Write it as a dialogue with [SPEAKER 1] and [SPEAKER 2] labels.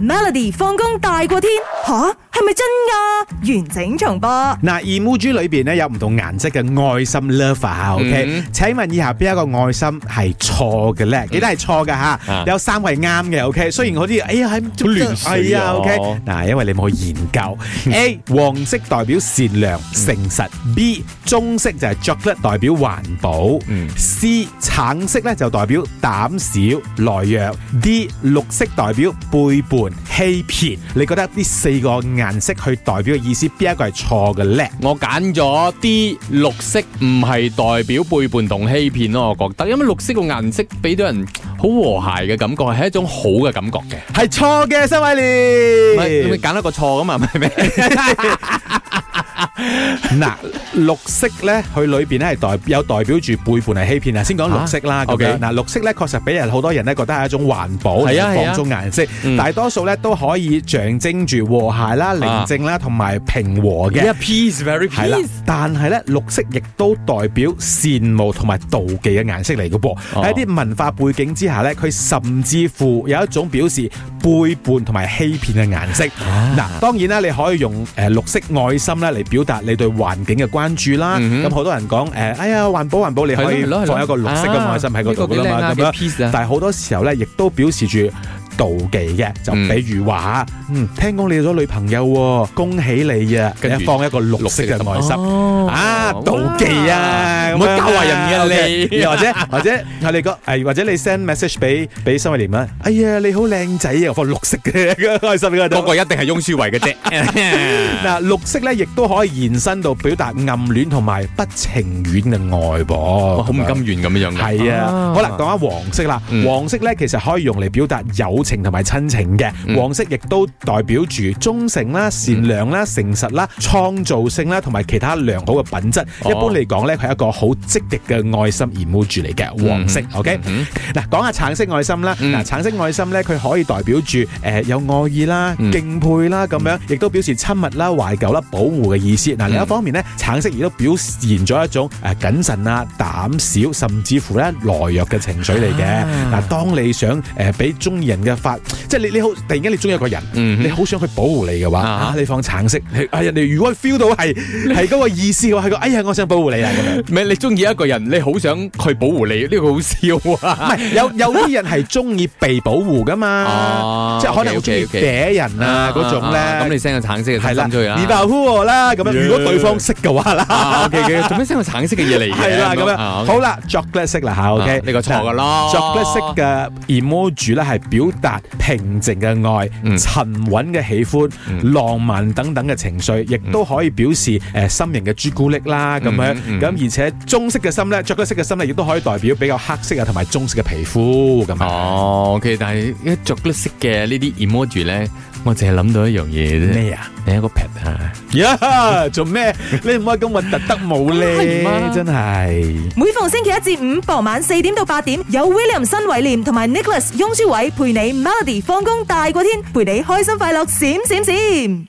[SPEAKER 1] Melody 放工大過天吓，係咪真噶？完整重播嗱，emoji 裏邊咧有唔同顏色嘅愛心 lover，O K？請問以下邊一個愛心係錯嘅咧？記得係錯嘅吓？有三個係啱嘅，O K？雖然嗰啲哎呀係好亂，係啊，O K？嗱，因為你冇去研究，A 黃色代表善良誠實，B 棕色就係 chocolate 代表環保，C 橙色咧就代表膽小懦弱，D 綠色代表背叛。欺騙，你覺得呢四個顏色去代表嘅意思是是，邊一個係錯嘅咧？我揀咗啲綠色，唔係代表背叛同欺騙咯，我覺得，因為綠色個顏色俾到人好和諧嘅感覺，係一種好嘅感覺嘅，係錯嘅，新偉烈，你揀一個錯噶嘛，咪嗱。綠色咧，佢裏邊咧係代有代表住背叛，係欺騙啊！先講綠色啦，OK，嗱，綠色咧確實俾人好多人咧覺得係一種環保、係放鬆顏色，大多數咧都可以象徵住和諧啦、寧靜啦同埋平和嘅。Peace very peace。係啦，但係咧綠色亦都代表羨慕同埋妒忌嘅顏色嚟嘅噃。喺啲文化背景之下咧，佢甚至乎有一種表示背叛同埋欺騙嘅顏色。嗱，當然啦，你可以用誒綠色愛心啦嚟表達你對環境嘅關住啦，咁好多人講，誒，哎呀，環保環保，你可以放一個綠色嘅愛心喺嗰度噶啦嘛，咁樣，啊、但係好多時候咧，亦都表示住。妒忌嘅就比如話，嗯，聽講你有咗女朋友，恭喜你啊！跟住放一個綠綠色嘅愛心，啊妒忌啊！唔好搞壞人嘅你，又或者或者係你個，係或者你 send message 俾俾新會連乜？哎呀你好靚仔啊，放綠色嘅開心，嗰個一定係翁書慧嘅啫。嗱，綠色咧，亦都可以延伸到表達暗戀同埋不情願嘅愛噃，好唔甘願咁樣樣。係啊，好啦，講下黃色啦，黃色咧其實可以用嚟表達有情同埋親情嘅黃色，亦都代表住忠誠啦、善良啦、誠實啦、創造性啦，同埋其他良好嘅品質。Oh. 一般嚟講呢佢一個好積極嘅愛心而 m o 嚟嘅黃色。OK，嗱、mm hmm. 講下橙色愛心啦。嗱、mm hmm. 橙色愛心呢，佢可以代表住誒、呃、有愛意啦、敬佩啦咁 mm hmm. 樣，亦都表示親密啦、懷舊啦、保護嘅意思。嗱、mm hmm. 另一方面呢，橙色亦都表現咗一種誒謹慎啊、膽小，甚至乎咧懦弱嘅情緒嚟嘅。嗱，ah. 當你想誒俾中意人嘅發即係你你好突然間你中意一個人，你好想去保護你嘅話，吓你放橙色，係人哋如果 feel 到係係嗰個意思嘅話，係個哎呀我想保護你啊，唔係你中意一個人，你好想去保護你，呢個好笑啊！唔係有有啲人係中意被保護噶嘛，即係可能好似嗲人啊嗰種咧，咁你 send 個橙色係啦，你保護我啦，咁樣如果對方識嘅話啦，做咩 send 個橙色嘅嘢嚟？係啦，咁樣好啦，Chocolate 色啦吓，OK 呢個錯噶咯，Chocolate 色嘅 emoji 咧係表達。平靜嘅愛、沉穩嘅喜歡、嗯、浪漫等等嘅情緒，亦都可以表示誒、嗯呃、心形嘅朱古力啦，咁、嗯嗯、樣咁。而且棕色嘅心咧，著綠色嘅心咧，亦都可以代表比較黑色啊，同埋棕色嘅皮膚咁。哦，OK，但係一著綠色嘅呢啲 emoji 咧。我淨係諗到一樣嘢啫。咩啊？你一個撇吓？呀，yeah，做咩？ 你唔可以咁話特核突得無理，真係的。每逢星期一至五傍晚四點到八點，有 William 新偉廉同埋 Nicholas 翁舒偉陪你 Melody 放工大過天，陪你開心快樂閃閃閃。閃閃閃閃